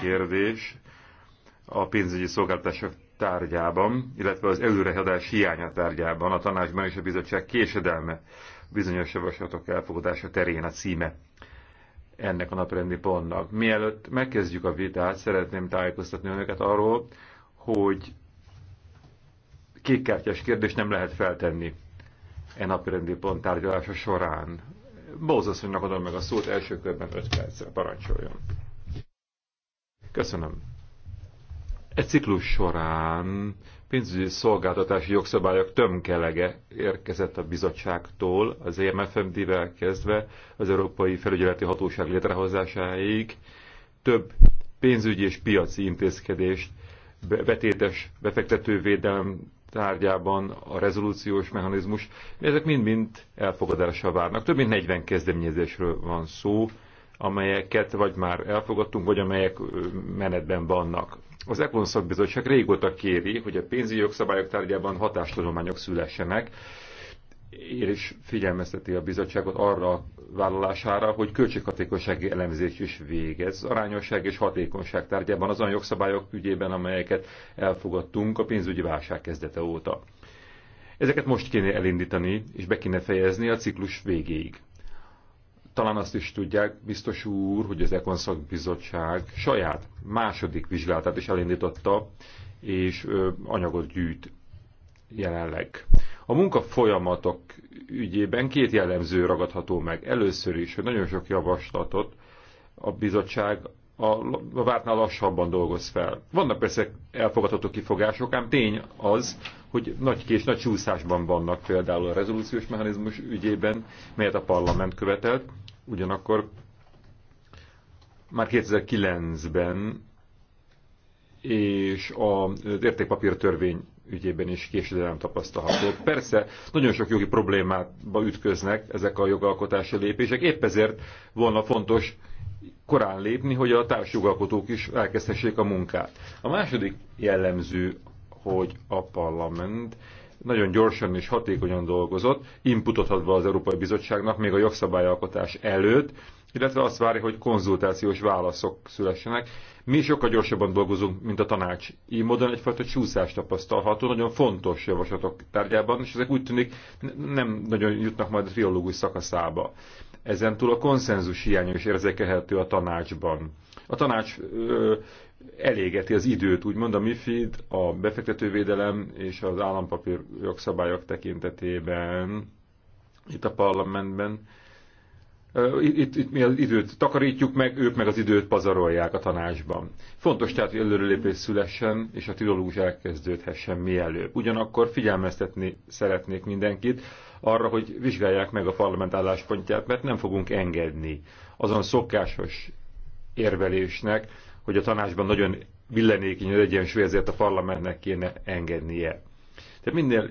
kérdés a pénzügyi szolgáltatások tárgyában, illetve az előrehadás hiánya tárgyában, a tanácsban és a bizottság késedelme bizonyos javaslatok elfogadása terén a címe ennek a naprendi pontnak. Mielőtt megkezdjük a vitát, szeretném tájékoztatni önöket arról, hogy kékkártyás kérdést nem lehet feltenni e naprendi pont tárgyalása során. Bózasszonynak adom meg a szót első körben 5 percre, parancsoljon. Köszönöm. E ciklus során pénzügyi szolgáltatási jogszabályok tömkelege érkezett a bizottságtól, az EMFMD-vel kezdve az Európai Felügyeleti Hatóság létrehozásáig több pénzügyi és piaci intézkedést, betétes befektetővédelem tárgyában a rezolúciós mechanizmus, ezek mind-mind elfogadásra várnak. Több mint 40 kezdeményezésről van szó, amelyeket vagy már elfogadtunk, vagy amelyek menetben vannak. Az ECON szakbizottság régóta kéri, hogy a pénzügyi jogszabályok tárgyában hatástudományok szülessenek, és figyelmezteti a bizottságot arra a vállalására, hogy költséghatékonysági elemzés is végez. Arányosság és hatékonyság tárgyában azon jogszabályok ügyében, amelyeket elfogadtunk a pénzügyi válság kezdete óta. Ezeket most kéne elindítani, és be kéne fejezni a ciklus végéig. Talán azt is tudják, biztos úr, hogy az Ekon Szakbizottság saját második vizsgálatát is elindította, és anyagot gyűjt jelenleg. A munka folyamatok ügyében két jellemző ragadható meg. Először is, hogy nagyon sok javaslatot a bizottság a, a vártnál lassabban dolgoz fel. Vannak persze elfogadható kifogások, ám tény az, hogy nagy kés, nagy csúszásban vannak például a rezolúciós mechanizmus ügyében, melyet a parlament követelt, Ugyanakkor már 2009-ben és az értékpapír törvény ügyében is késedelem tapasztalható. Persze nagyon sok jogi problémába ütköznek ezek a jogalkotási lépések, épp ezért volna fontos korán lépni, hogy a társjogalkotók is elkezdhessék a munkát. A második jellemző, hogy a parlament nagyon gyorsan és hatékonyan dolgozott, inputot adva az Európai Bizottságnak még a jogszabályalkotás előtt, illetve azt várja, hogy konzultációs válaszok szülessenek. Mi sokkal gyorsabban dolgozunk, mint a tanács. Így módon egyfajta csúszást tapasztalható, nagyon fontos javaslatok tárgyában, és ezek úgy tűnik nem nagyon jutnak majd a triológus szakaszába. Ezen túl a konszenzus hiánya is érzékelhető a tanácsban. A tanács ö, elégeti az időt, úgymond a MIFID, a befektetővédelem és az állampapír jogszabályok tekintetében itt a parlamentben. Itt, itt mi az időt takarítjuk meg, ők meg az időt pazarolják a tanácsban. Fontos tehát, hogy előrelépés szülessen, és a trilógus elkezdődhessen mielőbb. Ugyanakkor figyelmeztetni szeretnék mindenkit arra, hogy vizsgálják meg a parlament álláspontját, mert nem fogunk engedni azon szokásos érvelésnek, hogy a tanácsban nagyon billenékeny az egyensúly, ezért a parlamentnek kéne engednie. Tehát minél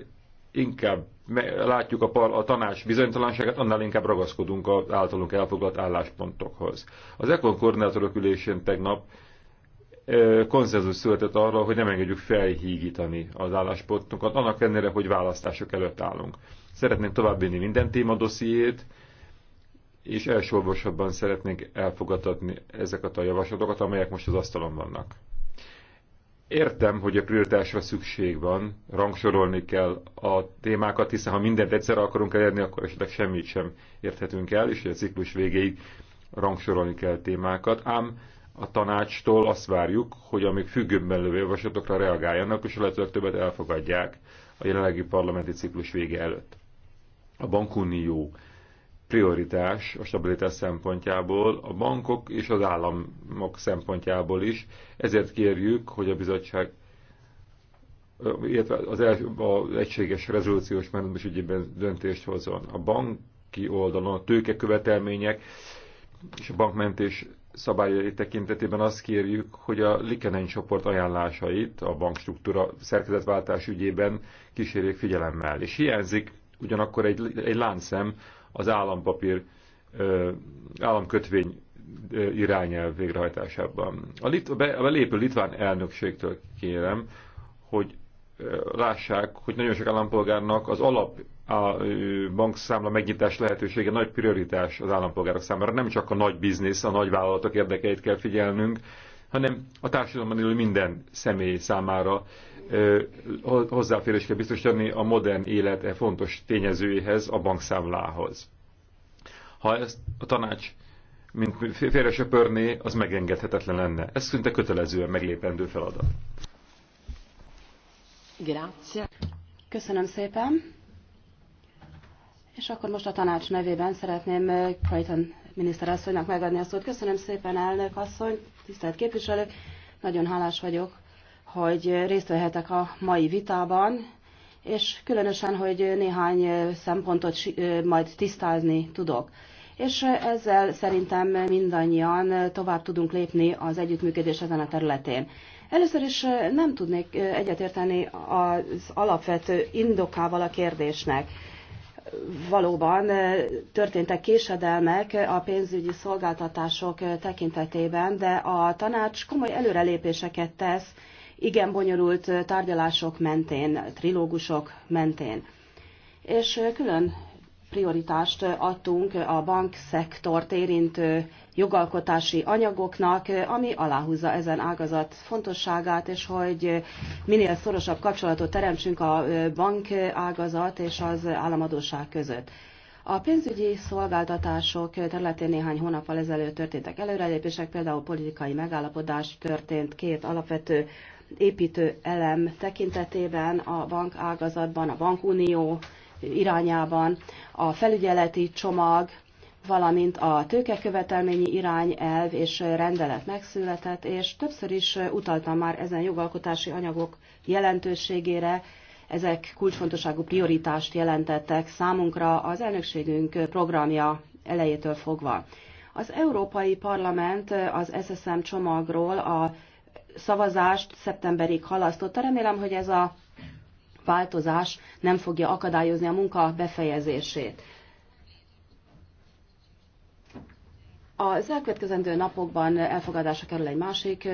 inkább látjuk a, par, a tanács bizonytalanságát, annál inkább ragaszkodunk az általunk elfoglalt álláspontokhoz. Az ECON koordinátorok ülésén tegnap konszenzus született arról, hogy nem engedjük felhígítani az álláspontunkat, annak ellenére, hogy választások előtt állunk. Szeretnénk továbbvinni minden téma dossziét, és elsorvosabban szeretnénk elfogadatni ezeket a javaslatokat, amelyek most az asztalon vannak. Értem, hogy a prioritásra szükség van, rangsorolni kell a témákat, hiszen ha mindent egyszer akarunk elérni, akkor esetleg semmit sem érthetünk el, és a ciklus végéig rangsorolni kell témákat, ám a tanácstól azt várjuk, hogy amíg függőben lévő javaslatokra reagáljanak, és a lehetőleg többet elfogadják a jelenlegi parlamenti ciklus vége előtt. A bankunió prioritás a stabilitás szempontjából, a bankok és az államok szempontjából is. Ezért kérjük, hogy a bizottság illetve az, el, az egységes rezolúciós mechanizmus ügyében döntést hozzon. A banki oldalon a tőkekövetelmények és a bankmentés szabályai tekintetében azt kérjük, hogy a Likenen csoport ajánlásait a bankstruktúra szerkezetváltás ügyében kísérjék figyelemmel. És hiányzik ugyanakkor egy, egy láncszem az állampapír, államkötvény irányelv végrehajtásában. A, lit, a belépő litván elnökségtől kérem, hogy lássák, hogy nagyon sok állampolgárnak az alap a bankszámla megnyitás lehetősége nagy prioritás az állampolgárok számára. Nem csak a nagy biznisz, a nagy vállalatok érdekeit kell figyelnünk, hanem a társadalomban élő minden személy számára hozzáférés kell biztosítani a modern élet e fontos tényezőjéhez, a bankszámlához. Ha ezt a tanács mint félre söpörné, az megengedhetetlen lenne. Ez szinte kötelezően meglépendő feladat. Grazie. Köszönöm szépen. És akkor most a tanács nevében szeretném Clayton. Miniszter, asszonynak megadni a szót. Köszönöm szépen, elnök asszony, tisztelt képviselők. Nagyon hálás vagyok, hogy részt vehetek a mai vitában, és különösen, hogy néhány szempontot majd tisztázni tudok. És ezzel szerintem mindannyian tovább tudunk lépni az együttműködés ezen a területén. Először is nem tudnék egyetérteni az alapvető indokával a kérdésnek valóban eh, történtek késedelmek a pénzügyi szolgáltatások eh, tekintetében, de a tanács komoly előrelépéseket tesz igen bonyolult eh, tárgyalások mentén, trilógusok mentén. És külön prioritást adtunk a bankszektort érintő jogalkotási anyagoknak, ami aláhúzza ezen ágazat fontosságát, és hogy minél szorosabb kapcsolatot teremtsünk a bank ágazat és az államadóság között. A pénzügyi szolgáltatások területén néhány hónappal ezelőtt történtek előrelépések, például politikai megállapodás történt két alapvető építő elem tekintetében a bankágazatban, a bankunió irányában, a felügyeleti csomag, valamint a tőkekövetelményi irányelv és rendelet megszületett, és többször is utaltam már ezen jogalkotási anyagok jelentőségére, ezek kulcsfontosságú prioritást jelentettek számunkra az elnökségünk programja elejétől fogva. Az Európai Parlament az SSM csomagról a szavazást szeptemberig halasztotta. Remélem, hogy ez a változás nem fogja akadályozni a munka befejezését. Az elkövetkezendő napokban elfogadásra kerül egy másik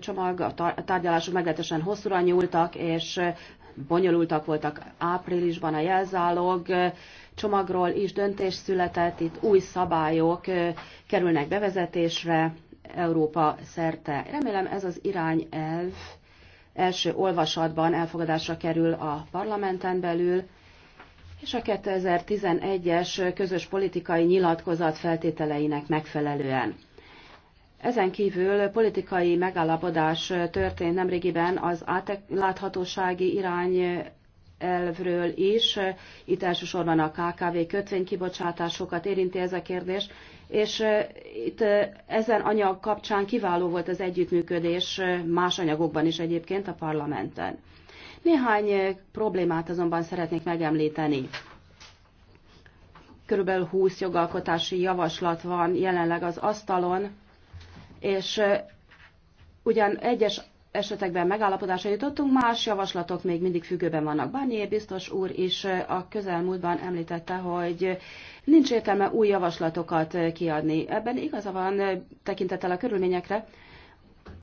csomag, a tárgyalások meglehetősen hosszúra nyúltak, és bonyolultak voltak áprilisban a jelzálog csomagról is döntés született, itt új szabályok kerülnek bevezetésre Európa szerte. Remélem ez az irányelv első olvasatban elfogadásra kerül a parlamenten belül, és a 2011-es közös politikai nyilatkozat feltételeinek megfelelően. Ezen kívül politikai megállapodás történt nemrégiben az átláthatósági irány elvről is. Itt elsősorban a KKV kötvénykibocsátásokat érinti ez a kérdés, és itt ezen anyag kapcsán kiváló volt az együttműködés más anyagokban is egyébként a parlamenten. Néhány problémát azonban szeretnék megemlíteni. Körülbelül 20 jogalkotási javaslat van jelenleg az asztalon, és ugyan egyes esetekben megállapodásra jutottunk, más javaslatok még mindig függőben vannak. Barnier biztos úr is a közelmúltban említette, hogy nincs értelme új javaslatokat kiadni. Ebben igaza van tekintettel a körülményekre,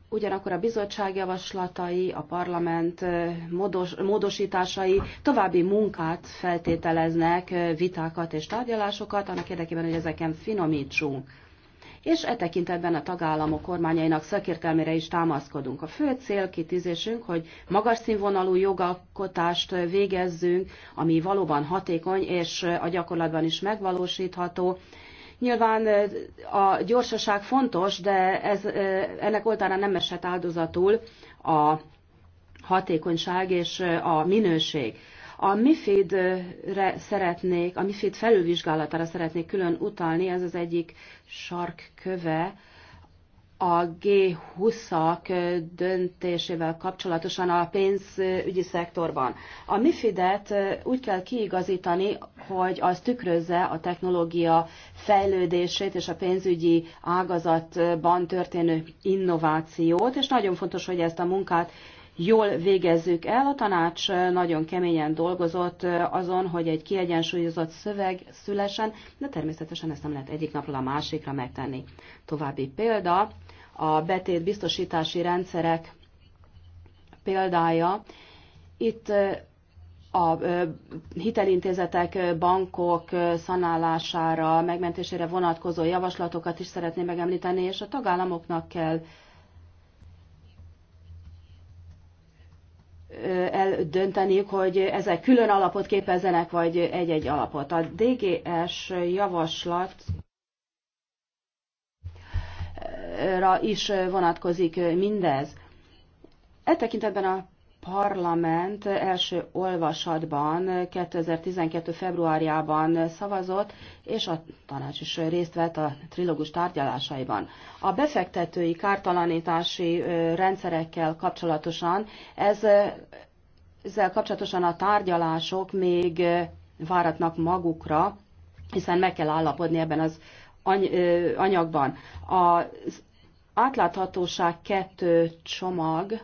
Ugyanakkor a bizottság javaslatai, a parlament módos, módosításai további munkát feltételeznek, vitákat és tárgyalásokat, annak érdekében, hogy ezeken finomítsunk és e tekintetben a tagállamok kormányainak szakértelmére is támaszkodunk. A fő célkitűzésünk, hogy magas színvonalú jogalkotást végezzünk, ami valóban hatékony és a gyakorlatban is megvalósítható, Nyilván a gyorsaság fontos, de ez, ennek oltára nem esett áldozatul a hatékonyság és a minőség. A MIFID-re szeretnék, a MIFID felülvizsgálatára szeretnék külön utalni, ez az egyik sarkköve a G20-ak döntésével kapcsolatosan a pénzügyi szektorban. A MIFID-et úgy kell kiigazítani, hogy az tükrözze a technológia fejlődését és a pénzügyi ágazatban történő innovációt, és nagyon fontos, hogy ezt a munkát jól végezzük el. A tanács nagyon keményen dolgozott azon, hogy egy kiegyensúlyozott szöveg szülesen, de természetesen ezt nem lehet egyik napról a másikra megtenni. További példa, a betét biztosítási rendszerek példája. Itt a hitelintézetek, bankok szanálására, megmentésére vonatkozó javaslatokat is szeretném megemlíteni, és a tagállamoknak kell eldönteniük, hogy ezek külön alapot képezzenek, vagy egy-egy alapot. A DGS javaslat is vonatkozik mindez. E tekintetben a parlament első olvasatban 2012. februárjában szavazott, és a tanács is részt vett a trilógus tárgyalásaiban. A befektetői kártalanítási rendszerekkel kapcsolatosan ez ezzel kapcsolatosan a tárgyalások még váratnak magukra, hiszen meg kell állapodni ebben az anyagban. Az átláthatóság kettő csomag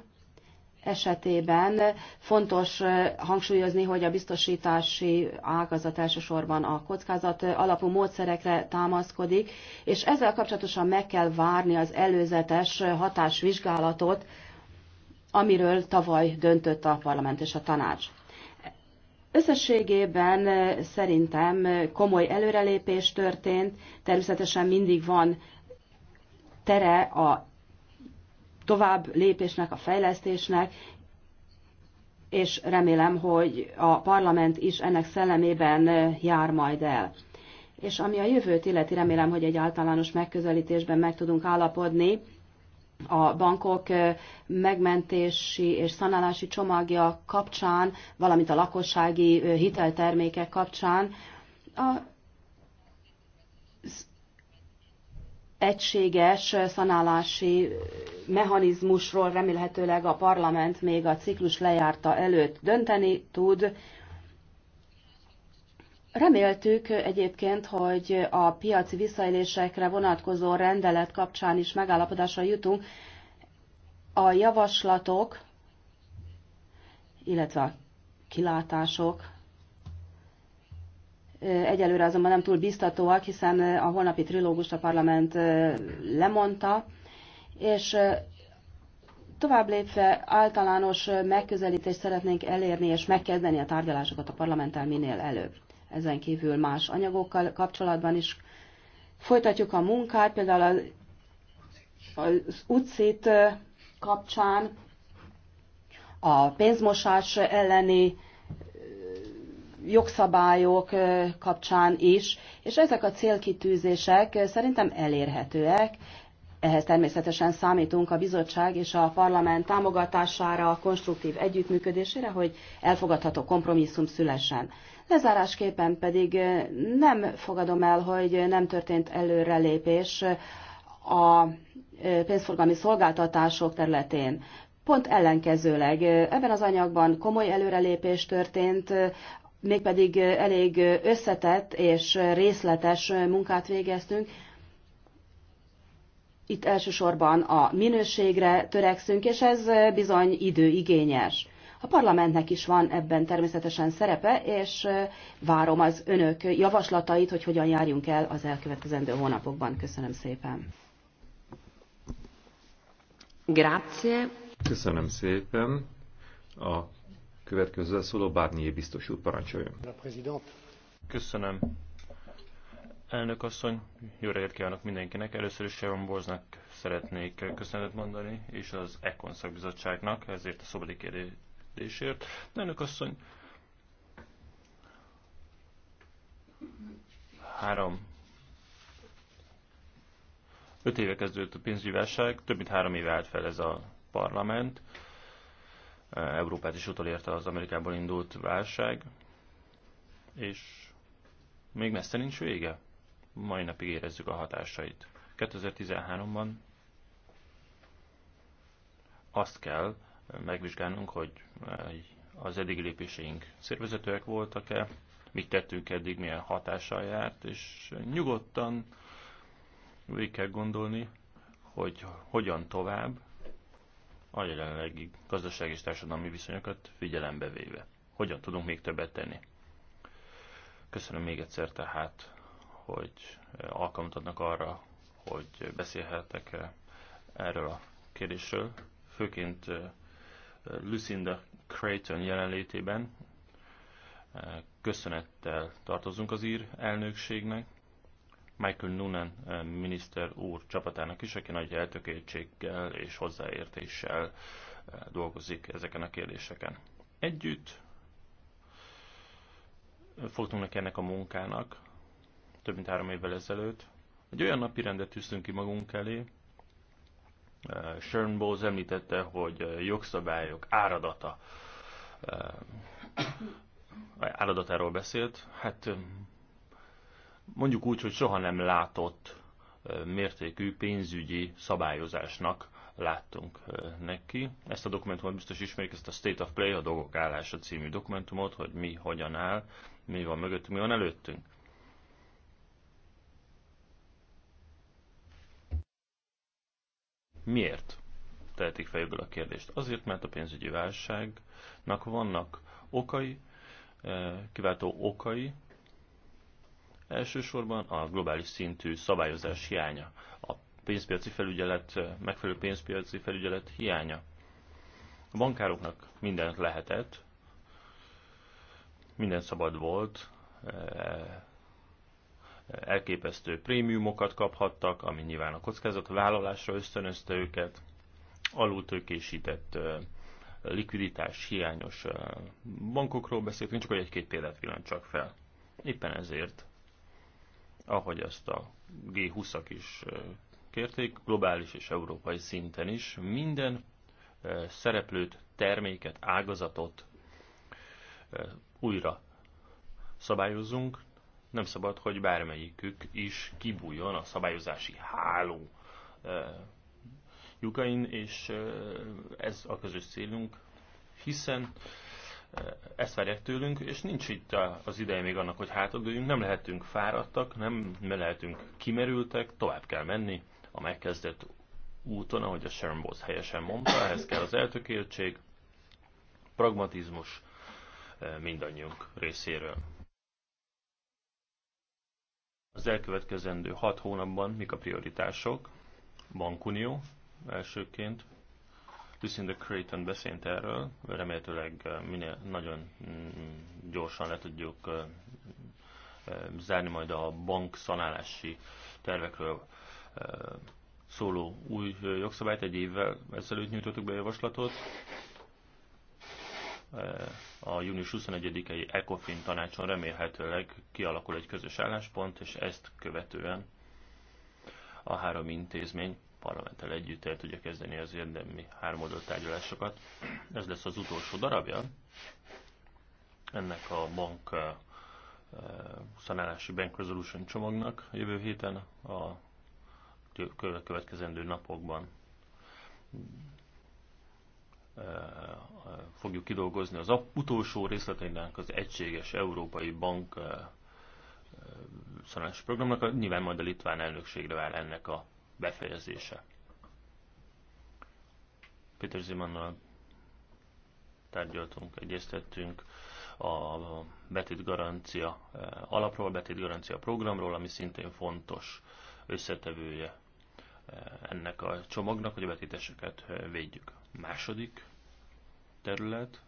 esetében fontos hangsúlyozni, hogy a biztosítási ágazat elsősorban a kockázat alapú módszerekre támaszkodik, és ezzel kapcsolatosan meg kell várni az előzetes hatásvizsgálatot, amiről tavaly döntött a parlament és a tanács. Összességében szerintem komoly előrelépés történt, természetesen mindig van tere a tovább lépésnek, a fejlesztésnek, és remélem, hogy a parlament is ennek szellemében jár majd el. És ami a jövőt illeti, remélem, hogy egy általános megközelítésben meg tudunk állapodni. A bankok megmentési és szanálási csomagja kapcsán, valamint a lakossági hiteltermékek kapcsán. A egységes szanálási mechanizmusról remélhetőleg a parlament még a ciklus lejárta előtt dönteni tud. Reméltük egyébként, hogy a piaci visszaélésekre vonatkozó rendelet kapcsán is megállapodásra jutunk. A javaslatok, illetve a kilátások Egyelőre azonban nem túl biztatóak, hiszen eh, a holnapi trilógus a parlament eh, lemondta, és eh, tovább lépve általános megközelítést szeretnénk elérni és megkezdeni a tárgyalásokat a parlamenttel minél előbb. Ezen kívül más anyagokkal kapcsolatban is folytatjuk a munkát, például az, az utcit kapcsán a pénzmosás elleni jogszabályok kapcsán is, és ezek a célkitűzések szerintem elérhetőek. Ehhez természetesen számítunk a bizottság és a parlament támogatására, a konstruktív együttműködésére, hogy elfogadható kompromisszum szülessen. Lezárásképpen pedig nem fogadom el, hogy nem történt előrelépés a pénzforgalmi szolgáltatások területén. Pont ellenkezőleg ebben az anyagban komoly előrelépés történt mégpedig elég összetett és részletes munkát végeztünk. Itt elsősorban a minőségre törekszünk, és ez bizony időigényes. A parlamentnek is van ebben természetesen szerepe, és várom az önök javaslatait, hogy hogyan járjunk el az elkövetkezendő hónapokban. Köszönöm szépen. Grazie. Köszönöm szépen. A Következő szóló Bárnyé biztos úr, parancsoljon. Köszönöm. Elnök asszony, jó reggelt kívánok mindenkinek. Először is Sharon Borznak szeretnék köszönetet mondani, és az Econ szakbizottságnak ezért a szobadi kérdésért. Elnök asszony, három öt éve kezdődött a pénzügyi válság, több mint három éve állt fel ez a parlament. Európát is utolérte az Amerikából indult válság, és még messze nincs vége. Mai napig érezzük a hatásait. 2013-ban azt kell megvizsgálnunk, hogy az eddigi lépéseink szervezetőek voltak-e, mit tettünk eddig, milyen hatással járt, és nyugodtan végig kell gondolni, hogy hogyan tovább, a jelenlegi gazdaság és társadalmi viszonyokat figyelembe véve. Hogyan tudunk még többet tenni? Köszönöm még egyszer tehát, hogy eh, alkalmat adnak arra, hogy beszélhetek eh, erről a kérdésről, főként eh, Lucinda Creighton jelenlétében. Köszönettel tartozunk az ír elnökségnek, Michael Noonan eh, miniszter úr csapatának is, aki nagy eltökéltséggel és hozzáértéssel eh, dolgozik ezeken a kérdéseken. Együtt eh, fogtunk neki ennek a munkának, több mint három évvel ezelőtt. Egy olyan napi rendet tűztünk ki magunk elé, Sharon Bowles említette, hogy jogszabályok áradata, áradatáról beszélt. Hát mondjuk úgy, hogy soha nem látott mértékű pénzügyi szabályozásnak láttunk neki. Ezt a dokumentumot biztos ismerik, ezt a State of Play, a dolgok állása című dokumentumot, hogy mi hogyan áll, mi van mögöttünk, mi van előttünk. Miért? Tehetik fejből a kérdést. Azért, mert a pénzügyi válságnak vannak okai, kiváltó okai, Elsősorban a globális szintű szabályozás hiánya, a pénzpiaci felügyelet, megfelelő pénzpiaci felügyelet hiánya. A bankároknak mindent lehetett, minden szabad volt, eh, elképesztő prémiumokat kaphattak, ami nyilván a kockázat vállalásra ösztönözte őket, alultőkésített eh, likviditás hiányos eh, bankokról beszéltünk, csak hogy egy-két példát villancsak fel. Éppen ezért ahogy azt a G20-ak is kérték, globális és európai szinten is minden szereplőt, terméket, ágazatot újra szabályozunk, nem szabad, hogy bármelyikük is kibújjon a szabályozási háló lyukain, és ez a közös célunk, hiszen ezt várják tőlünk, és nincs itt az ideje még annak, hogy hátradőjünk, nem lehetünk fáradtak, nem lehetünk kimerültek, tovább kell menni a megkezdett úton, ahogy a Sharon Boss helyesen mondta, ehhez kell az eltökéltség, pragmatizmus e, mindannyiunk részéről. Az elkövetkezendő hat hónapban mik a prioritások? Bankunió elsőként, Lucinda Creighton beszélt erről, remélhetőleg eh, minél nagyon mm, gyorsan le tudjuk eh, eh, zárni majd a bank szanálási tervekről szóló új jogszabályt. Egy évvel ezelőtt nyújtottuk be a javaslatot. A június 21-i ECOFIN tanácson remélhetőleg kialakul egy közös álláspont, és ezt követően a három intézmény parlamenttel együtt el tudja kezdeni az érdemi háromoldalú tárgyalásokat. Ez lesz az utolsó darabja ennek a bank eh, eh, szanálási Bank Resolution csomagnak jövő héten a következendő napokban eh, fogjuk kidolgozni az utolsó részleteinek az egységes európai bank szanálási programnak. Nyilván majd a litván elnökségre vár ennek a befejezése. Peter Zimannal tárgyaltunk, egyeztettünk a betét garancia eh, alapról, betét garancia programról, ami szintén fontos összetevője eh, ennek a csomagnak, hogy a betéteseket eh, védjük. Második terület,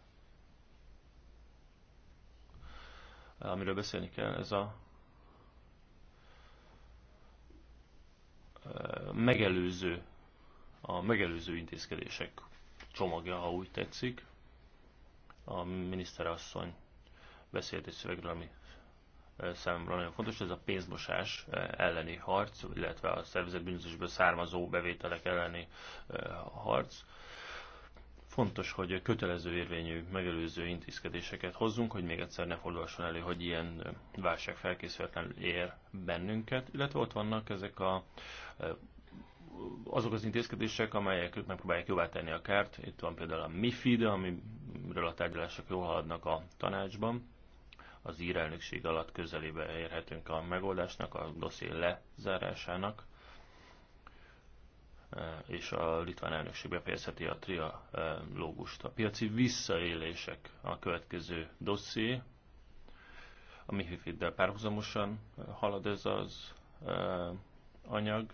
amiről beszélni kell, ez a megelőző, a megelőző intézkedések csomagja, ha úgy tetszik. A miniszterasszony beszélt egy szövegről, ami eh, számomra nagyon fontos, ez a pénzmosás eh, elleni harc, illetve a szervezetbűnözésből származó bevételek elleni eh, harc. Fontos, hogy kötelező érvényű megelőző intézkedéseket hozzunk, hogy még egyszer ne fordulhasson elő, hogy ilyen válság felkészületlen ér bennünket, illetve ott vannak ezek a azok az intézkedések, amelyek megpróbálják jóvá tenni a kárt. Itt van például a MIFID, amiről a tárgyalások jól haladnak a tanácsban. Az ír elnökség alatt közelébe érhetünk a megoldásnak, a dosszé lezárásának. Eh, és a litván elnökség befejezheti a trialógust. A piaci visszaélések a következő dosszié, a MIFID-del párhuzamosan halad ez az eh, anyag,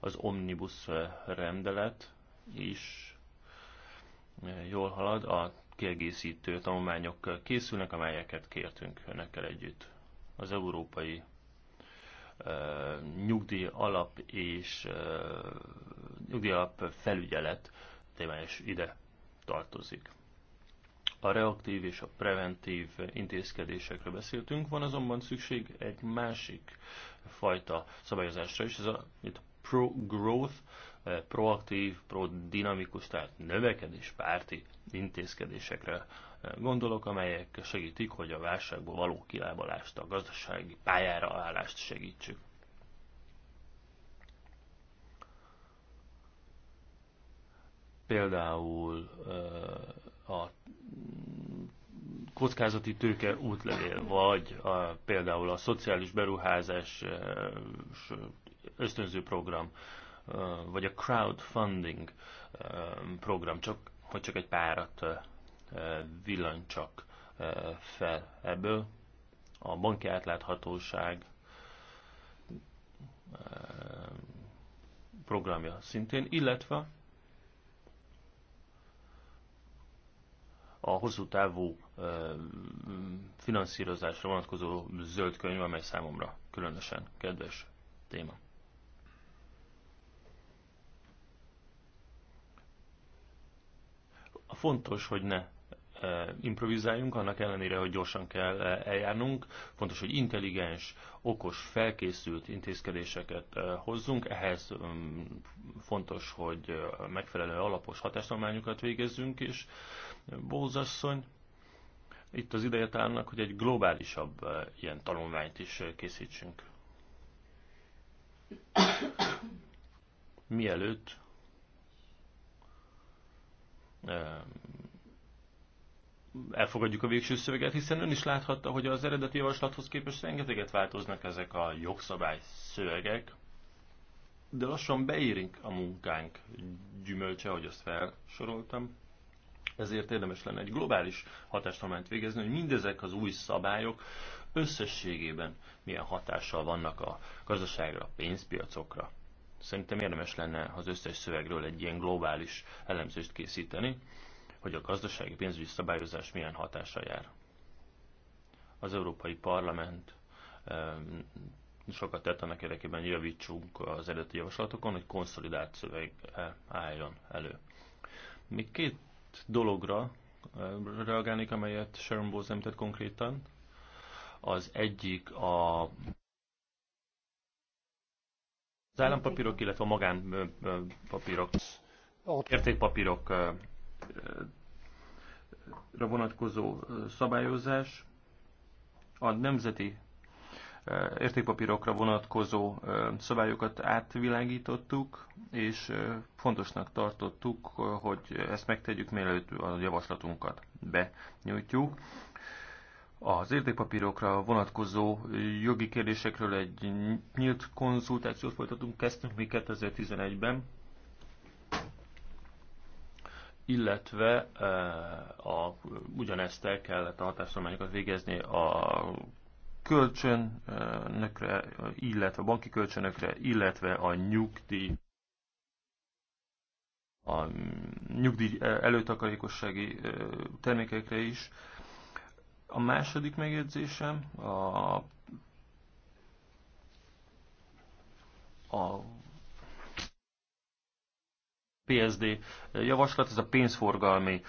az omnibus rendelet is eh, jól halad, a kiegészítő tanulmányok készülnek, amelyeket kértünk önökkel együtt. Az európai nyugdíj alap és nyugdíj alap felügyelet témája is ide tartozik. A reaktív és a preventív intézkedésekről beszéltünk, van azonban szükség egy másik fajta szabályozásra is, ez a pro-growth, proaktív, pro-dinamikus, tehát növekedéspárti intézkedésekre gondolok, amelyek segítik, hogy a válságból való kilábalást, a gazdasági pályára állást segítsük. Például a kockázati tőke útlevél, vagy a, például a szociális beruházás ösztönző program, vagy a crowdfunding program, csak, hogy csak egy párat villancsak fel ebből. A banki átláthatóság programja szintén, illetve a hosszú távú finanszírozásra vonatkozó zöld könyv, amely számomra különösen kedves téma. Fontos, hogy ne Eh, improvizáljunk, annak ellenére, hogy gyorsan kell eh, eljárnunk. Fontos, hogy intelligens, okos, felkészült intézkedéseket eh, hozzunk. Ehhez mm, fontos, hogy megfelelő alapos hatásnormányokat végezzünk is. Bózasszony, itt az ideje állnak, hogy egy globálisabb ilyen tanulmányt is készítsünk. Mielőtt elfogadjuk a végső szöveget, hiszen ön is láthatta, hogy az eredeti javaslathoz képest rengeteget változnak ezek a jogszabály szövegek, de lassan beérünk a munkánk gyümölcse, ahogy azt felsoroltam. Ezért érdemes lenne egy globális hatástanulmányt végezni, hogy mindezek az új szabályok összességében milyen hatással vannak a gazdaságra, a pénzpiacokra. Szerintem érdemes lenne az összes szövegről egy ilyen globális elemzést készíteni hogy a gazdasági pénzügyi szabályozás milyen hatása jár. Az Európai Parlament sokat tett annak érdekében, hogy javítsunk az eredeti javaslatokon, hogy konszolidált szöveg álljon elő. Még két dologra reagálnék, amelyet Sharon Bowles említett konkrétan. Az egyik a az állampapírok, illetve a magánpapírok, értékpapírok vonatkozó szabályozás, a nemzeti értékpapírokra vonatkozó szabályokat átvilágítottuk, és fontosnak tartottuk, hogy ezt megtegyük, mielőtt a javaslatunkat benyújtjuk. Az értékpapírokra vonatkozó jogi kérdésekről egy nyílt konzultációt folytatunk, kezdtünk mi 2011-ben, illetve eh, a, ugyanezt el kellett a hatástanulmányokat végezni a kölcsönökre, eh, illetve a banki kölcsönökre, illetve a nyugdíj a nyugdíj eh, előtakarékossági termékekre is. A második megjegyzésem a, a PSD javaslat, ez a pénzforgalmi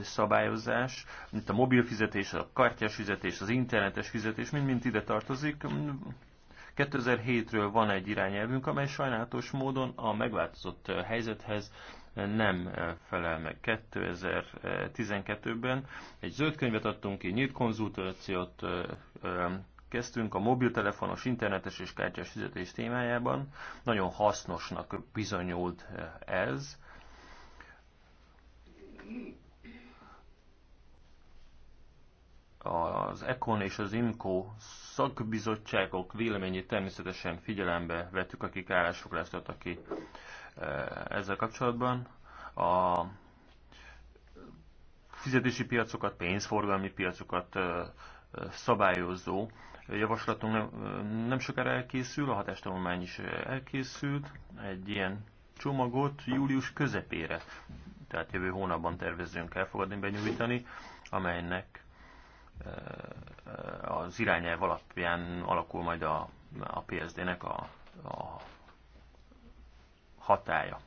szabályozás, mint a mobil fizetés, a kártyás fizetés, az internetes fizetés, mind-mind ide tartozik. 2007-ről van egy irányelvünk, amely sajnálatos módon a megváltozott helyzethez nem felel meg. 2012-ben egy zöld könyvet adtunk ki, nyílt konzultációt kezdtünk a mobiltelefonos, internetes és kártyás fizetés témájában. Nagyon hasznosnak bizonyult eh, ez. Az ECON és az IMCO szakbizottságok véleményét természetesen figyelembe vettük, akik állásfoglalást adtak ki eh, ezzel kapcsolatban. A fizetési piacokat, pénzforgalmi piacokat eh, szabályozó javaslatunk nem, sokára elkészül, a hatástanulmány is elkészült, egy ilyen csomagot július közepére, tehát jövő hónapban tervezünk elfogadni, benyújtani, amelynek e, e, az irányelv alapján alakul majd a, a PSD-nek a, a hatája.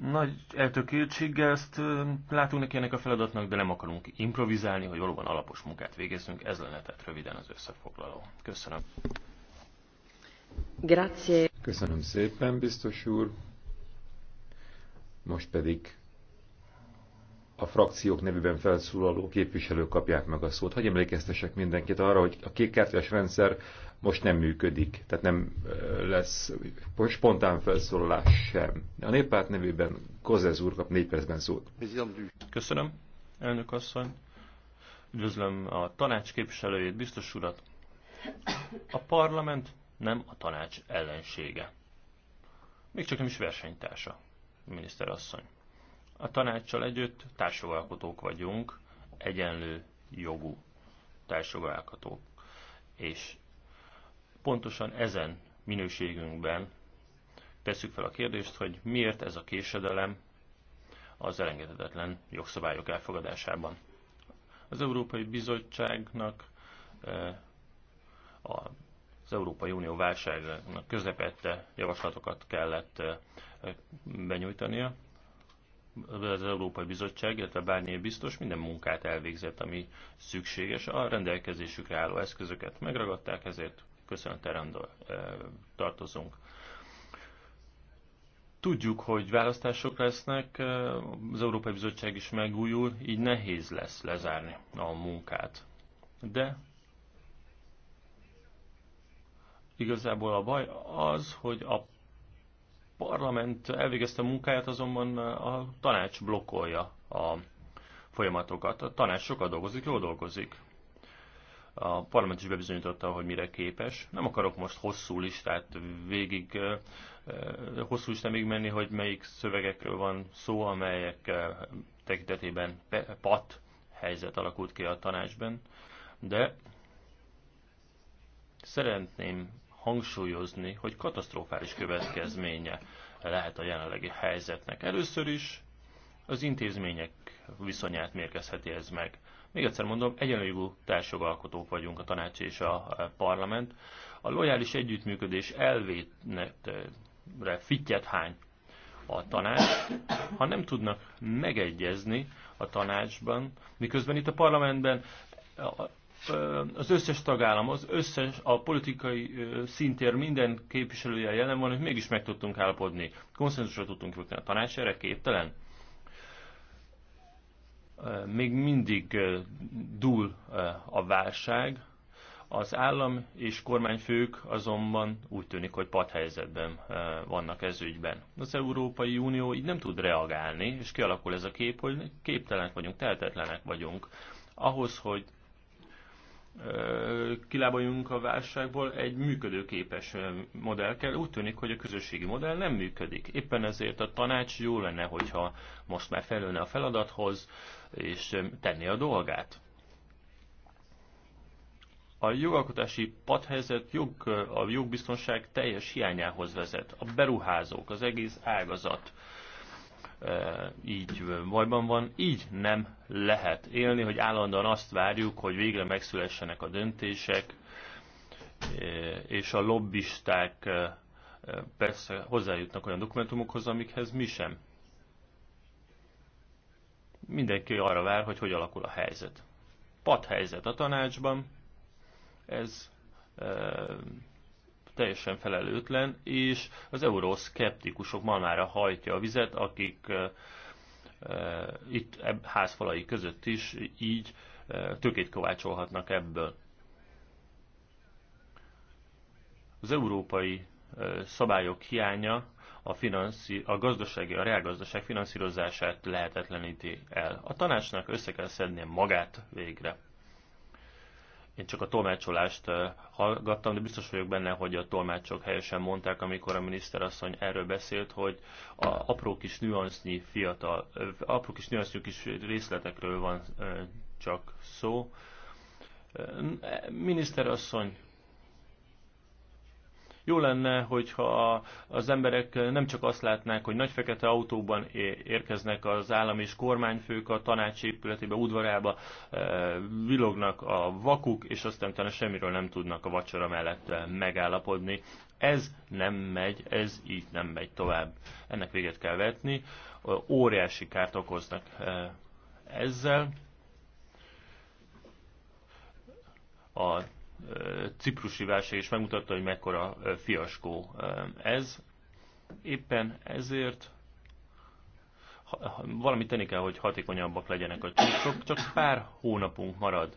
Nagy eltökéltséggel ezt látunk neki ennek a feladatnak, de nem akarunk improvizálni, hogy valóban alapos munkát végezzünk. Ez lenne tehát röviden az összefoglaló. Köszönöm. Grazie. Köszönöm szépen, biztos úr. Most pedig a frakciók nevében felszólaló képviselők kapják meg a szót. Hogy emlékeztesek mindenkit arra, hogy a kékkártyás rendszer most nem működik, tehát nem lesz spontán felszólalás sem. A néppárt nevében Kozez úr kap négy percben szót. Köszönöm, elnök asszony. Üdvözlöm a tanács képviselőjét, biztos urat. A parlament nem a tanács ellensége. Még csak nem is versenytársa, miniszter asszony. A tanácssal együtt társjogalkotók vagyunk, egyenlő jogú társjogalkotók. És pontosan ezen minőségünkben tesszük fel a kérdést, hogy miért ez a késedelem az elengedhetetlen jogszabályok elfogadásában. Az Európai Bizottságnak eh, az Európai Unió válságnak közepette javaslatokat kellett eh, benyújtania az Európai Bizottság, illetve bármilyen biztos minden munkát elvégzett, ami szükséges. A rendelkezésükre álló eszközöket megragadták, ezért köszönettel eh, tartozunk. Tudjuk, hogy választások lesznek, eh, az Európai Bizottság is megújul, így nehéz lesz lezárni a munkát. De igazából a baj az, hogy a parlament elvégezte a munkáját, azonban a tanács blokkolja a folyamatokat. A tanács sokat dolgozik, jól dolgozik. A parlament is bebizonyította, hogy mire képes. Nem akarok most hosszú listát végig, hosszú nem menni, hogy melyik szövegekről van szó, amelyek tekintetében pat helyzet alakult ki a tanácsban, de szeretném hangsúlyozni, hogy katasztrofális következménye lehet a jelenlegi helyzetnek. Először is az intézmények viszonyát mérkezheti ez meg. Még egyszer mondom, egyenlőjogú társjogalkotók vagyunk a tanács és a e, parlament. A lojális együttműködés elvétre fittyet hány a tanács, ha nem tudnak megegyezni a tanácsban, miközben itt a parlamentben az összes tagállam, az összes a politikai szintér minden képviselője jelen van, hogy mégis meg tudtunk állapodni. Konszenzusra tudtunk jutni a tanács, erre képtelen. Még mindig dúl a válság, az állam és kormányfők azonban úgy tűnik, hogy padhelyzetben vannak ez ügyben. Az Európai Unió így nem tud reagálni, és kialakul ez a kép, hogy képtelenek vagyunk, tehetetlenek vagyunk ahhoz, hogy kilábaljunk a válságból, egy működőképes modell kell. Úgy tűnik, hogy a közösségi modell nem működik. Éppen ezért a tanács jó lenne, hogyha most már felülne a feladathoz, és tenni a dolgát. A jogalkotási padhelyzet jog, a jogbiztonság teljes hiányához vezet. A beruházók, az egész ágazat így bajban van. Így nem lehet élni, hogy állandóan azt várjuk, hogy végre megszülessenek a döntések, és a lobbisták persze hozzájutnak olyan dokumentumokhoz, amikhez mi sem. Mindenki arra vár, hogy hogy alakul a helyzet. Pat helyzet a tanácsban, ez teljesen felelőtlen, és az euroszkeptikusok malmára hajtja a vizet, akik itt e, házfalai között is így tökét kovácsolhatnak ebből. Az európai szabályok hiánya a, finanszi, a gazdasági, a reálgazdaság finanszírozását lehetetleníti el. A tanácsnak össze kell szednie magát végre. Én csak a tolmácsolást hallgattam, de biztos vagyok benne, hogy a tolmácsok helyesen mondták, amikor a miniszterasszony erről beszélt, hogy a apró kis nüansznyi fiatal, apró kis nüansznyi kis részletekről van csak szó. Miniszterasszony, jó lenne, hogyha az emberek nem csak azt látnák, hogy nagy fekete autóban érkeznek az állam és kormányfők a tanács épületébe, udvarába, e, vilognak a vakuk, és aztán utána semmiről nem tudnak a vacsora mellett e, megállapodni. Ez nem megy, ez így nem megy tovább. Ennek véget kell vetni. E, óriási kárt okoznak ezzel. A ciprusi válság is megmutatta, hogy mekkora fiaskó ez. Éppen ezért valamit tenni kell, hogy hatékonyabbak legyenek a csúcsok, csak pár hónapunk marad.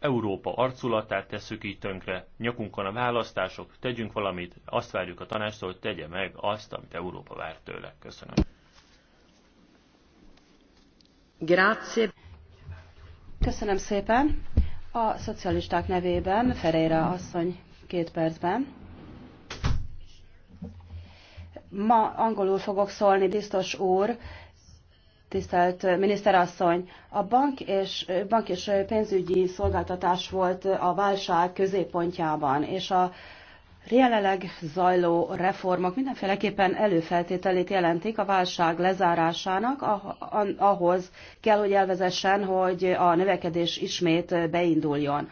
Európa arculatát tesszük így tönkre, nyakunkon a választások, tegyünk valamit, azt várjuk a tanástól, hogy tegye meg azt, amit Európa vár tőle. Köszönöm. Grazie. Köszönöm szépen. A szocialisták nevében Ferreira asszony két percben. Ma angolul fogok szólni, biztos úr, tisztelt miniszterasszony. A bank és, bank és pénzügyi szolgáltatás volt a válság középpontjában, és a jelenleg zajló reformok mindenféleképpen előfeltételét jelentik a válság lezárásának, ah- ahhoz kell, hogy elvezessen, hogy a növekedés ismét beinduljon.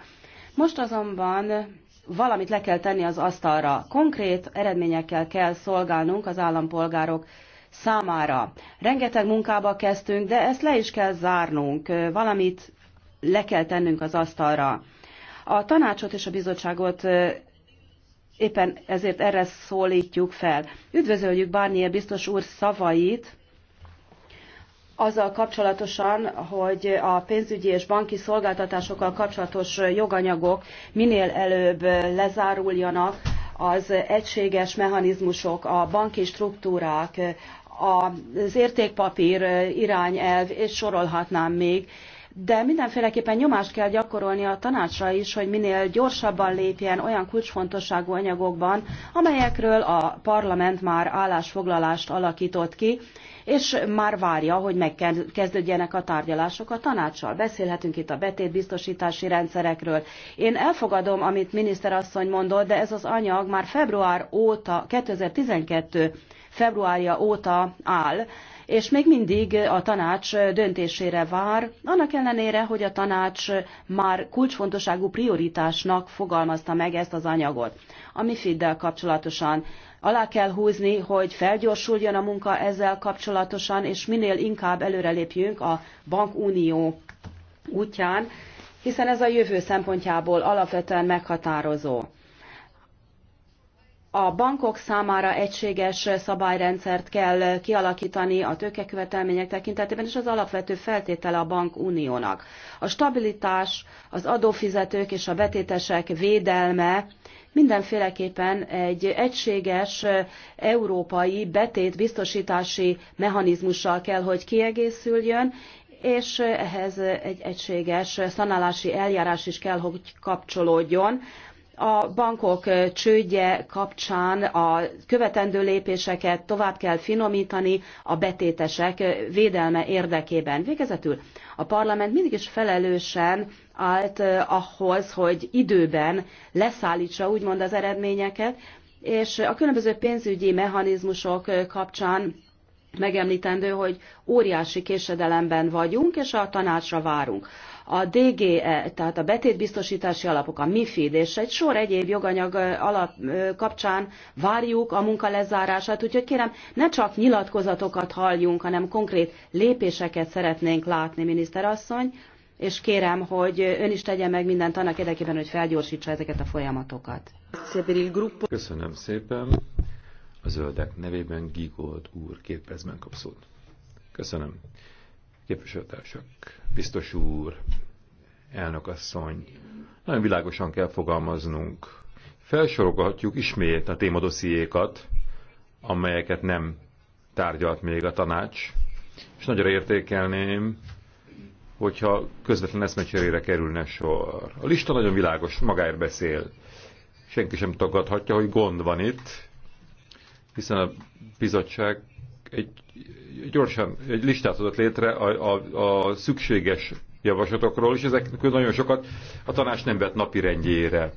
Most azonban valamit le kell tenni az asztalra. Konkrét eredményekkel kell szolgálnunk az állampolgárok számára. Rengeteg munkába kezdtünk, de ezt le is kell zárnunk, valamit le kell tennünk az asztalra. A tanácsot és a bizottságot éppen ezért erre szólítjuk fel. Üdvözöljük Barnier biztos úr szavait, azzal kapcsolatosan, hogy a pénzügyi és banki szolgáltatásokkal kapcsolatos joganyagok minél előbb lezáruljanak, az egységes mechanizmusok, a banki struktúrák, az értékpapír irányelv, és sorolhatnám még, de mindenféleképpen nyomást kell gyakorolni a tanácsra is, hogy minél gyorsabban lépjen olyan kulcsfontosságú anyagokban, amelyekről a parlament már állásfoglalást alakított ki, és már várja, hogy megkezdődjenek a tárgyalások a tanácssal. Beszélhetünk itt a betétbiztosítási rendszerekről. Én elfogadom, amit miniszterasszony mondott, de ez az anyag már február óta, 2012 februárja óta áll, és még mindig a tanács döntésére vár, annak ellenére, hogy a tanács már kulcsfontosságú prioritásnak fogalmazta meg ezt az anyagot. A MIFID-del kapcsolatosan alá kell húzni, hogy felgyorsuljon a munka ezzel kapcsolatosan, és minél inkább előrelépjünk a bankunió útján, hiszen ez a jövő szempontjából alapvetően meghatározó a bankok számára egységes szabályrendszert kell kialakítani a tőkekövetelmények tekintetében, és az alapvető feltétele a bankuniónak. A stabilitás, az adófizetők és a betétesek védelme mindenféleképpen egy egységes európai betét biztosítási mechanizmussal kell, hogy kiegészüljön, és ehhez egy egységes szanálási eljárás is kell, hogy kapcsolódjon, a bankok csődje kapcsán a követendő lépéseket tovább kell finomítani a betétesek védelme érdekében. Végezetül a parlament mindig is felelősen állt ahhoz, hogy időben leszállítsa úgymond az eredményeket, és a különböző pénzügyi mechanizmusok kapcsán megemlítendő, hogy óriási késedelemben vagyunk, és a tanácsra várunk a DGE, tehát a betétbiztosítási alapok, a MIFID és egy sor egyéb joganyag alap kapcsán várjuk a munka lezárását, úgyhogy kérem, ne csak nyilatkozatokat halljunk, hanem konkrét lépéseket szeretnénk látni, miniszterasszony, és kérem, hogy ön is tegye meg mindent annak érdekében, hogy felgyorsítsa ezeket a folyamatokat. Köszönöm szépen. A zöldek nevében Gigold úr két percben kap szót. Köszönöm. Képviselőtársak, biztos úr, elnökasszony, nagyon világosan kell fogalmaznunk. Felsorolhatjuk ismét a témadossziékat, amelyeket nem tárgyalt még a tanács, és nagyra értékelném, hogyha közvetlen eszmecserére kerülne sor. A lista nagyon világos, magáért beszél. Senki sem tagadhatja, hogy gond van itt, hiszen a bizottság egy, gyorsan egy listát adott létre a, a, a szükséges javaslatokról, és ezek nagyon sokat a tanács nem vett napi rendjére.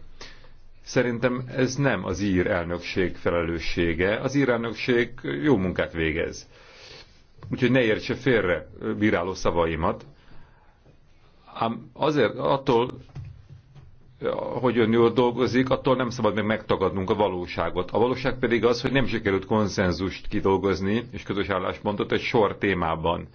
Szerintem ez nem az ír elnökség felelőssége. Az ír elnökség jó munkát végez. Úgyhogy ne értse félre bíráló szavaimat. Ám azért attól hogy ön jól dolgozik, attól nem szabad még megtagadnunk a valóságot. A valóság pedig az, hogy nem sikerült konszenzust kidolgozni és közös álláspontot egy sor témában.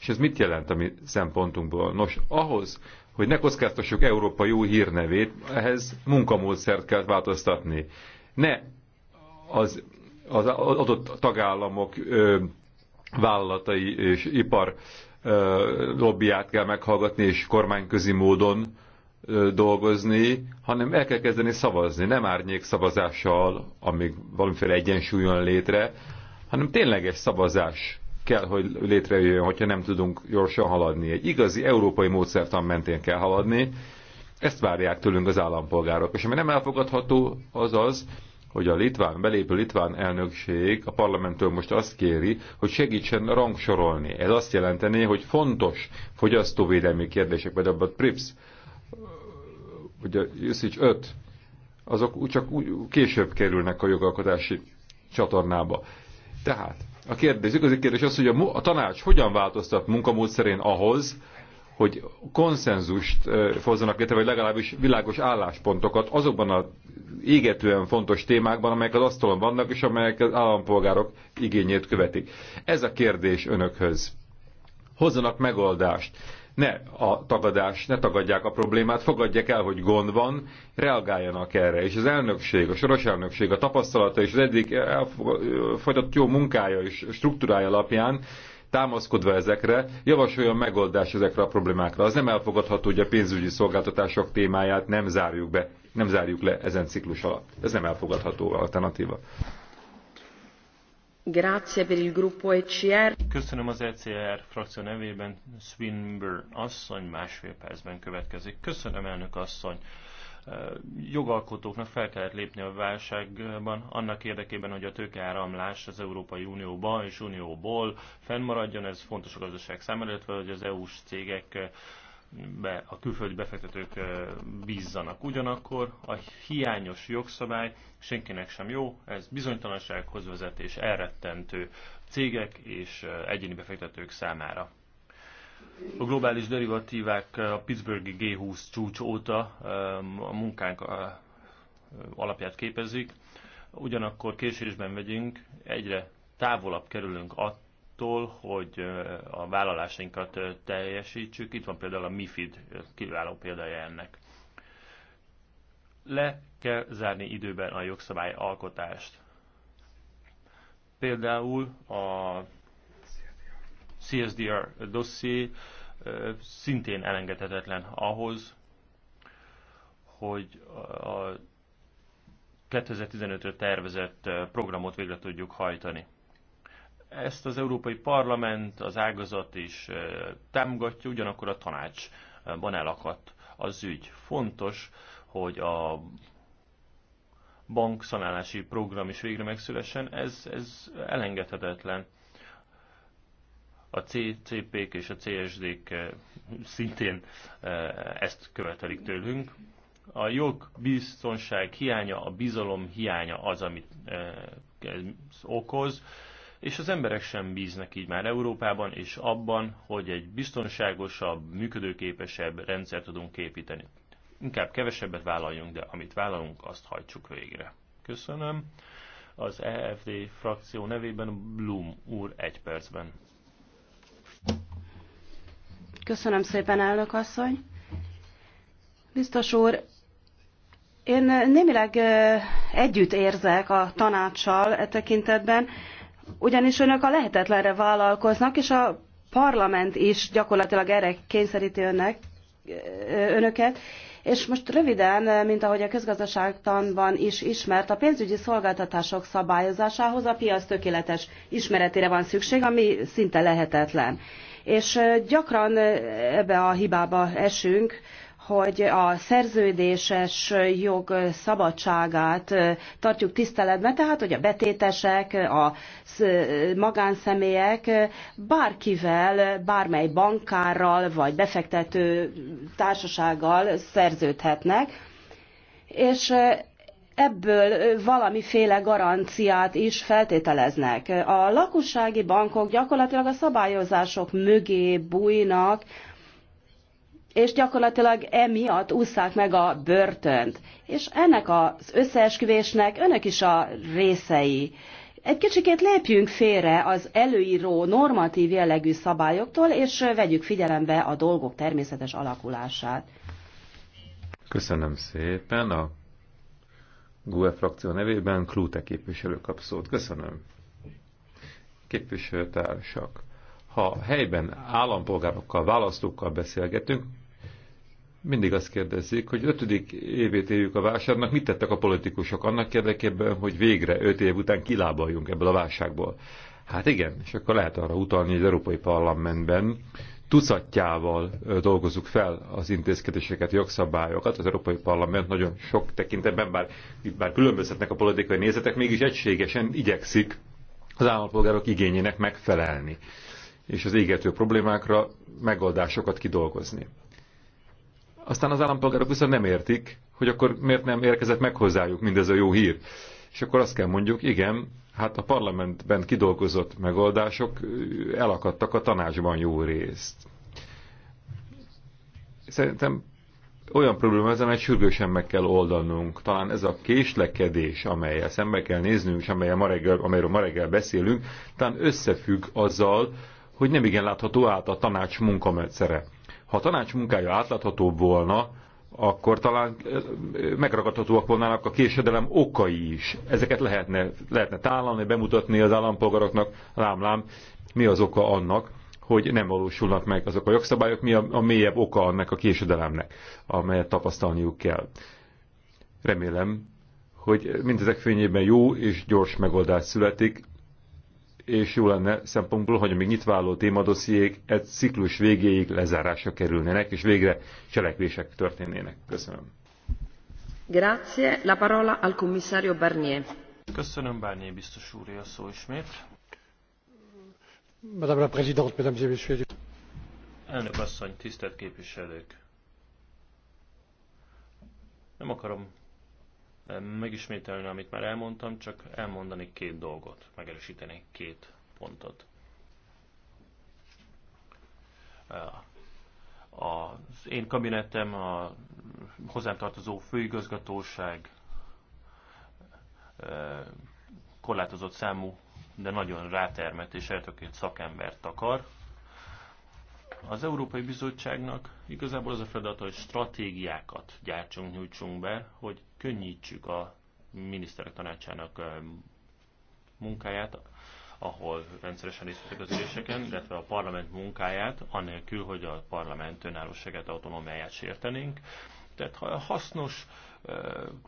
És ez mit jelent a mi szempontunkból? Nos, ahhoz, hogy ne kockáztassuk Európa jó hírnevét, ehhez munkamódszert kell változtatni. Ne az, az adott tagállamok ö, vállalatai és ipar ö, lobbyát kell meghallgatni, és kormányközi módon dolgozni, hanem el kell kezdeni szavazni, nem árnyék szavazással, amíg valamiféle egyensúly jön létre, hanem tényleges szavazás kell, hogy létrejöjjön, hogyha nem tudunk gyorsan haladni. Egy igazi európai módszertan mentén kell haladni, ezt várják tőlünk az állampolgárok. És ami nem elfogadható, az az, hogy a litván, belépő litván elnökség a parlamenttől most azt kéri, hogy segítsen rangsorolni. Ez azt jelenteni, hogy fontos fogyasztóvédelmi kérdések, például a PRIPS ugye Jusszics 5, azok csak úgy, később kerülnek a jogalkotási csatornába. Tehát a kérdés, igazi kérdés az, hogy a, a tanács hogyan változtat munkamódszerén ahhoz, hogy konszenzust hozzanak létre, vagy legalábbis világos álláspontokat azokban a égetően fontos témákban, amelyek az asztalon vannak, és amelyek az állampolgárok igényét követik. Ez a kérdés önökhöz. Hozzanak megoldást ne a tagadás, ne tagadják a problémát, fogadják el, hogy gond van, reagáljanak erre. És az elnökség, a soros elnökség, a tapasztalata és az eddig folytatott jó munkája és struktúrája alapján támaszkodva ezekre, javasoljon megoldás ezekre a problémákra. Az nem elfogadható, hogy a pénzügyi szolgáltatások témáját nem zárjuk be, nem zárjuk le ezen ciklus alatt. Ez nem elfogadható alternatíva. E Köszönöm az ECR frakció nevében, Swinburne asszony másfél percben következik. Köszönöm elnök asszony jogalkotóknak fel kellett lépni a válságban annak érdekében, hogy a tőkeáramlás az Európai Unióba és Unióból fennmaradjon, ez fontos a gazdaság számára, illetve hogy az EU-s cégek be, a külföldi befektetők bízzanak. Ugyanakkor a hiányos jogszabály senkinek sem jó, ez bizonytalansághoz vezet és elrettentő cégek és egyéni befektetők számára. A globális derivatívák a Pittsburghi G20 csúcs óta a munkánk alapját képezik, ugyanakkor késésben vegyünk, egyre távolabb kerülünk attól, attól, hogy a vállalásainkat teljesítsük. Itt van például a MIFID kiváló példája ennek. Le kell zárni időben a jogszabály alkotást. Például a CSDR dosszié szintén elengedhetetlen ahhoz, hogy a 2015-re tervezett programot végre tudjuk hajtani. Ezt az Európai Parlament, az ágazat is támogatja, ugyanakkor a tanácsban elakadt az ügy. Fontos, hogy a bankszanálási program is végre megszülessen, ez, ez elengedhetetlen. A CCP-k és a CSD-k szintén ezt követelik tőlünk. A jogbiztonság hiánya, a bizalom hiánya az, amit ez okoz és az emberek sem bíznak így már Európában, és abban, hogy egy biztonságosabb, működőképesebb rendszer tudunk építeni. Inkább kevesebbet vállaljunk, de amit vállalunk, azt hajtsuk végre. Köszönöm. Az EFD frakció nevében Blum úr egy percben. Köszönöm szépen, elnök asszony. Biztos úr, én némileg együtt érzek a tanácssal e tekintetben ugyanis önök a lehetetlenre vállalkoznak, és a parlament is gyakorlatilag erre kényszeríti önnek, önöket. És most röviden, mint ahogy a közgazdaságtanban is ismert, a pénzügyi szolgáltatások szabályozásához a piac tökéletes ismeretére van szükség, ami szinte lehetetlen. És gyakran ebbe a hibába esünk, hogy a szerződéses jog szabadságát tartjuk tiszteletben, tehát hogy a betétesek, a magánszemélyek bárkivel, bármely bankárral vagy befektető társasággal szerződhetnek, és ebből valamiféle garanciát is feltételeznek. A lakossági bankok gyakorlatilag a szabályozások mögé bújnak, és gyakorlatilag emiatt ússzák meg a börtönt. És ennek az összeesküvésnek önök is a részei. Egy kicsikét lépjünk félre az előíró normatív jellegű szabályoktól, és vegyük figyelembe a dolgok természetes alakulását. Köszönöm szépen. A GUE frakció nevében Klute képviselő kap szót. Köszönöm. Képviselőtársak ha helyben állampolgárokkal, választókkal beszélgetünk, mindig azt kérdezik, hogy ötödik évét éljük a válságnak, mit tettek a politikusok annak érdekében, hogy végre öt év után kilábaljunk ebből a válságból. Hát igen, és akkor lehet arra utalni, hogy az Európai Parlamentben tucatjával dolgozunk fel az intézkedéseket, jogszabályokat. Az Európai Parlament nagyon sok tekintetben, bár, bár különbözhetnek a politikai nézetek, mégis egységesen igyekszik az állampolgárok igényének megfelelni, és az égető problémákra megoldásokat kidolgozni aztán az állampolgárok viszont nem értik, hogy akkor miért nem érkezett meg hozzájuk mindez a jó hír. És akkor azt kell mondjuk, igen, hát a parlamentben kidolgozott megoldások elakadtak a tanácsban jó részt. Szerintem olyan probléma ez, amelyet sürgősen meg kell oldanunk. Talán ez a késlekedés, amelyel szembe kell néznünk, és amelyel ma reggel, amelyről ma reggel beszélünk, talán összefügg azzal, hogy nem igen látható át a tanács munkamedszere. Ha a tanács munkája átláthatóbb volna, akkor talán eh, megragadhatóak volnának a késedelem okai is. Ezeket lehetne, lehetne tálalni, bemutatni az állampolgároknak, lámlám, mi az oka annak, hogy nem valósulnak meg azok a jogszabályok, mi a, a mélyebb oka annak a késedelemnek, amelyet tapasztalniuk kell. Remélem, hogy mindezek fényében jó és gyors megoldás születik, és jó lenne szempontból, hogy a még nyitváló témadossziék egy ciklus végéig lezárásra kerülnének, és végre cselekvések történnének. Köszönöm. Grazie. La parola al commissario Barnier. Köszönöm, Barnier biztos úr, a szó ismét. Madame la Présidente, Mesdames et Messieurs. Elnök asszony, tisztelt képviselők! Nem akarom megismételni, amit már elmondtam, csak elmondani két dolgot, megerősíteni két pontot. Az én kabinettem, a hozzám tartozó főigazgatóság korlátozott számú, de nagyon rátermet és eltökélt szakembert akar. Az Európai Bizottságnak igazából az a feladat, hogy stratégiákat gyártsunk, nyújtsunk be, hogy könnyítsük a miniszterek tanácsának munkáját, ahol rendszeresen részt az üléseken, illetve a parlament munkáját, anélkül, hogy a parlament önállóságát, autonómiáját sértenénk. Tehát ha hasznos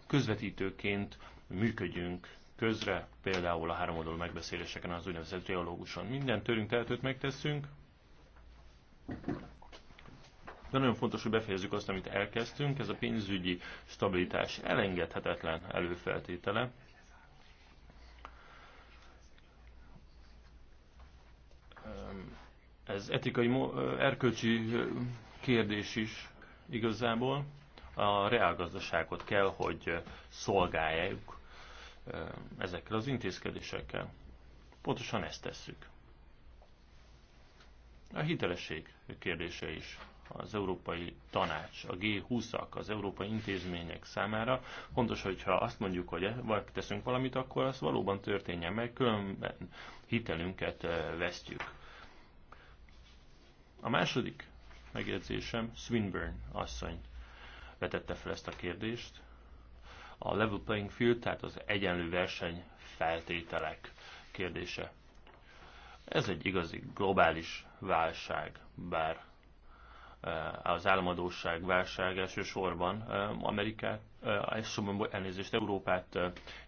közvetítőként működjünk közre, például a háromoldalú megbeszéléseken, az úgynevezett dialóguson. Minden törünk tehetőt megteszünk, de nagyon fontos, hogy befejezzük azt, amit elkezdtünk. Ez a pénzügyi stabilitás elengedhetetlen előfeltétele. Ez etikai, erkölcsi kérdés is igazából. A reálgazdaságot kell, hogy szolgáljuk ezekkel az intézkedésekkel. Pontosan ezt tesszük. A hitelesség kérdése is az Európai Tanács, a G20-ak, az európai intézmények számára. Fontos, hogyha azt mondjuk, hogy e, teszünk valamit, akkor az valóban történjen meg, különben hitelünket e, vesztjük. A második megjegyzésem Swinburne asszony vetette fel ezt a kérdést. A level playing field, tehát az egyenlő verseny feltételek kérdése. Ez egy igazi globális válság, bár Eh, az államadóság válság elsősorban eh, Amerikát, eh, elsősorban elnézést Európát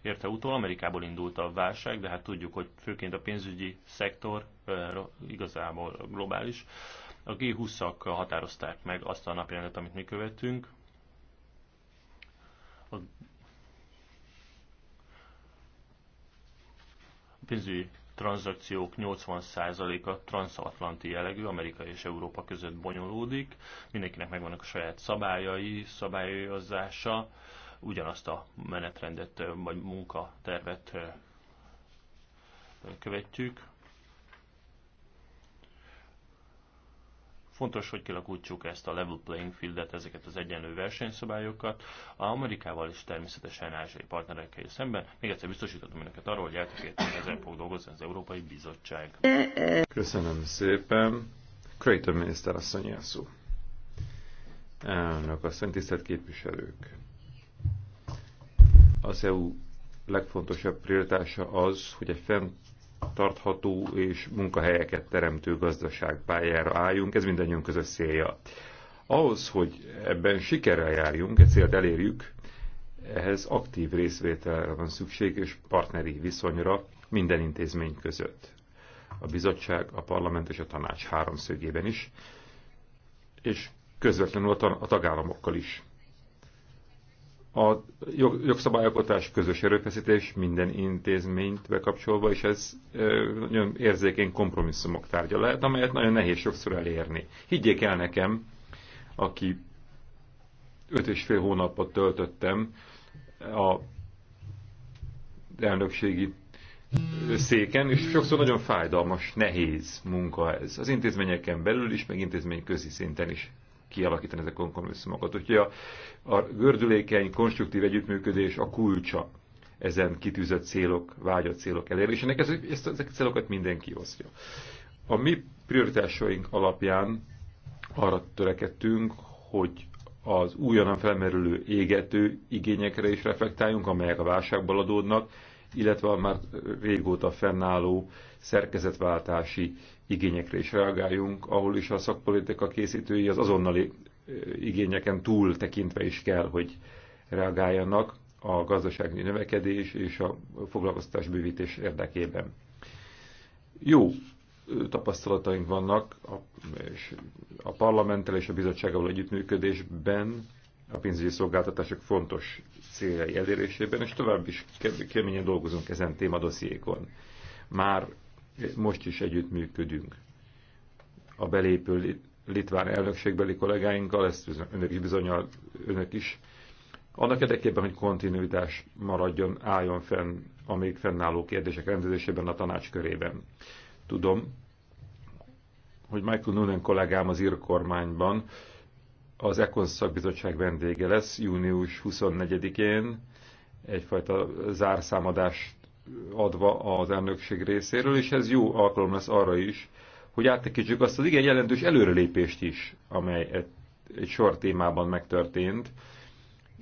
érte utol, Amerikából indult a válság, de hát tudjuk, hogy főként a pénzügyi szektor igazából globális. A G20-ak határozták meg azt a napjelenet, amit mi követünk. A pénzügyi tranzakciók 80%-a transatlanti jellegű, Amerika és Európa között bonyolódik, mindenkinek megvannak a saját szabályai, szabályozása, ugyanazt a menetrendet vagy munkatervet követjük. Fontos, hogy kilakultsuk ezt a level playing fieldet, ezeket az egyenlő versenyszabályokat, a Amerikával és természetesen ázsiai partnerekkel szemben. Még egyszer biztosítottam önöket arról, hogy eltökélt ezen fog dolgozni az Európai Bizottság. Köszönöm szépen. Creighton miniszter asszony a Elnök asszony, tisztelt képviselők! Az EU legfontosabb prioritása az, hogy egy fent fenntartható és munkahelyeket teremtő gazdaság pályára álljunk, ez mindannyiunk közös célja. Ahhoz, hogy ebben sikerrel járjunk, egy célt elérjük, ehhez aktív részvételre van szükség és partneri viszonyra minden intézmény között. A bizottság, a parlament és a tanács háromszögében is, és közvetlenül a, a tagállamokkal is. A jogszabályalkotás közös erőfeszítés minden intézményt bekapcsolva, és ez nagyon érzékeny kompromisszumok tárgya lehet, amelyet nagyon nehéz sokszor elérni. Higgyék el nekem, aki öt és fél hónapot töltöttem a elnökségi széken, és sokszor nagyon fájdalmas, nehéz munka ez. Az intézményeken belül is, meg intézmény közi szinten is kialakítani ezek a kompromisszumokat. Úgyhogy a, a gördülékeny, konstruktív együttműködés a kulcsa ezen kitűzött célok, vágyott célok elérésének. Ez, ezt, ezek a célokat mindenki osztja. A mi prioritásaink alapján arra törekedtünk, hogy az újonnan felmerülő égető igényekre is reflektáljunk, amelyek a válságból adódnak, illetve a már régóta fennálló szerkezetváltási igényekre is reagáljunk, ahol is a szakpolitika készítői az azonnali igényeken túl tekintve is kell, hogy reagáljanak a gazdasági növekedés és a foglalkoztatás bővítés érdekében. Jó tapasztalataink vannak, és a parlamenttel és a bizottsággal együttműködésben a pénzügyi szolgáltatások fontos céljai elérésében, és tovább is keményen dolgozunk ezen témadossziékon. Már most is együttműködünk a belépő litván elnökségbeli kollégáinkkal, ezt önök is bizonyal, önök is, annak érdekében, hogy kontinuitás maradjon, álljon fenn a még fennálló kérdések rendezésében a tanács körében. Tudom, hogy Michael Nunen kollégám az ír kormányban az ECON szakbizottság vendége lesz június 24-én, egyfajta zárszámadást adva az elnökség részéről, és ez jó alkalom lesz arra is, hogy áttekintsük azt az igen jelentős előrelépést is, amely egy sor témában megtörtént,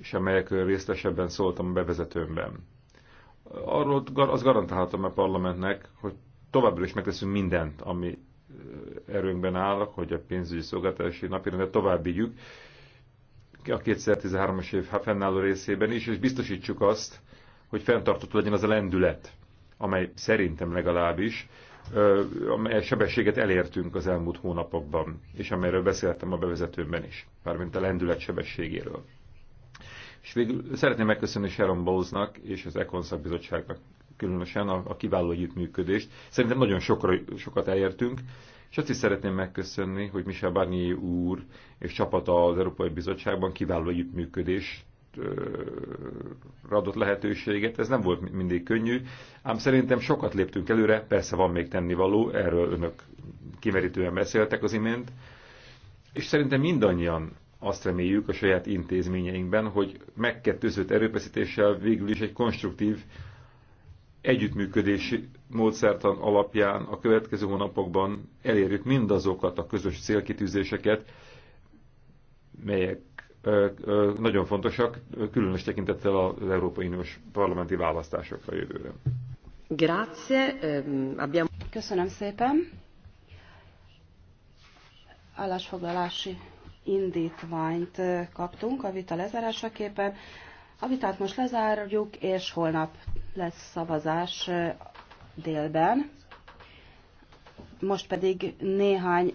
és amelyekről részletesebben szóltam a bevezetőmben. Arról azt garantálhatom a parlamentnek, hogy továbbra is megteszünk mindent, ami erőnkben áll, hogy a pénzügyi szolgáltatási napirendet tovább vigyük a 2013-as év fennálló részében is, és biztosítsuk azt, hogy fenntartott legyen az a lendület, amely szerintem legalábbis, amely sebességet elértünk az elmúlt hónapokban, és amelyről beszéltem a bevezetőmben is, mármint a lendület sebességéről. És végül szeretném megköszönni Sharon Bowles-nak és az Econ szakbizottságnak különösen a, a kiváló együttműködést. Szerintem nagyon sokra, sokat elértünk, és azt is szeretném megköszönni, hogy Michel Barnier úr és csapata az Európai Bizottságban kiváló együttműködés adott lehetőséget. Ez nem volt mindig könnyű, ám szerintem sokat léptünk előre, persze van még tennivaló, erről önök kimerítően beszéltek az imént, és szerintem mindannyian azt reméljük a saját intézményeinkben, hogy megkettőzött erőfeszítéssel végül is egy konstruktív együttműködési módszertan alapján a következő hónapokban elérjük mindazokat a közös célkitűzéseket, melyek nagyon fontosak, különös tekintettel az Európai Uniós parlamenti választásokra jövőre. Grazie. Ehm, Köszönöm szépen. Állásfoglalási indítványt kaptunk a vita lezárásaképpen. A vitát most lezárjuk, és holnap lesz szavazás délben. Most pedig néhány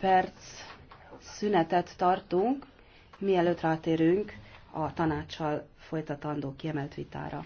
perc szünetet tartunk, mielőtt rátérünk a tanácssal folytatandó kiemelt vitára.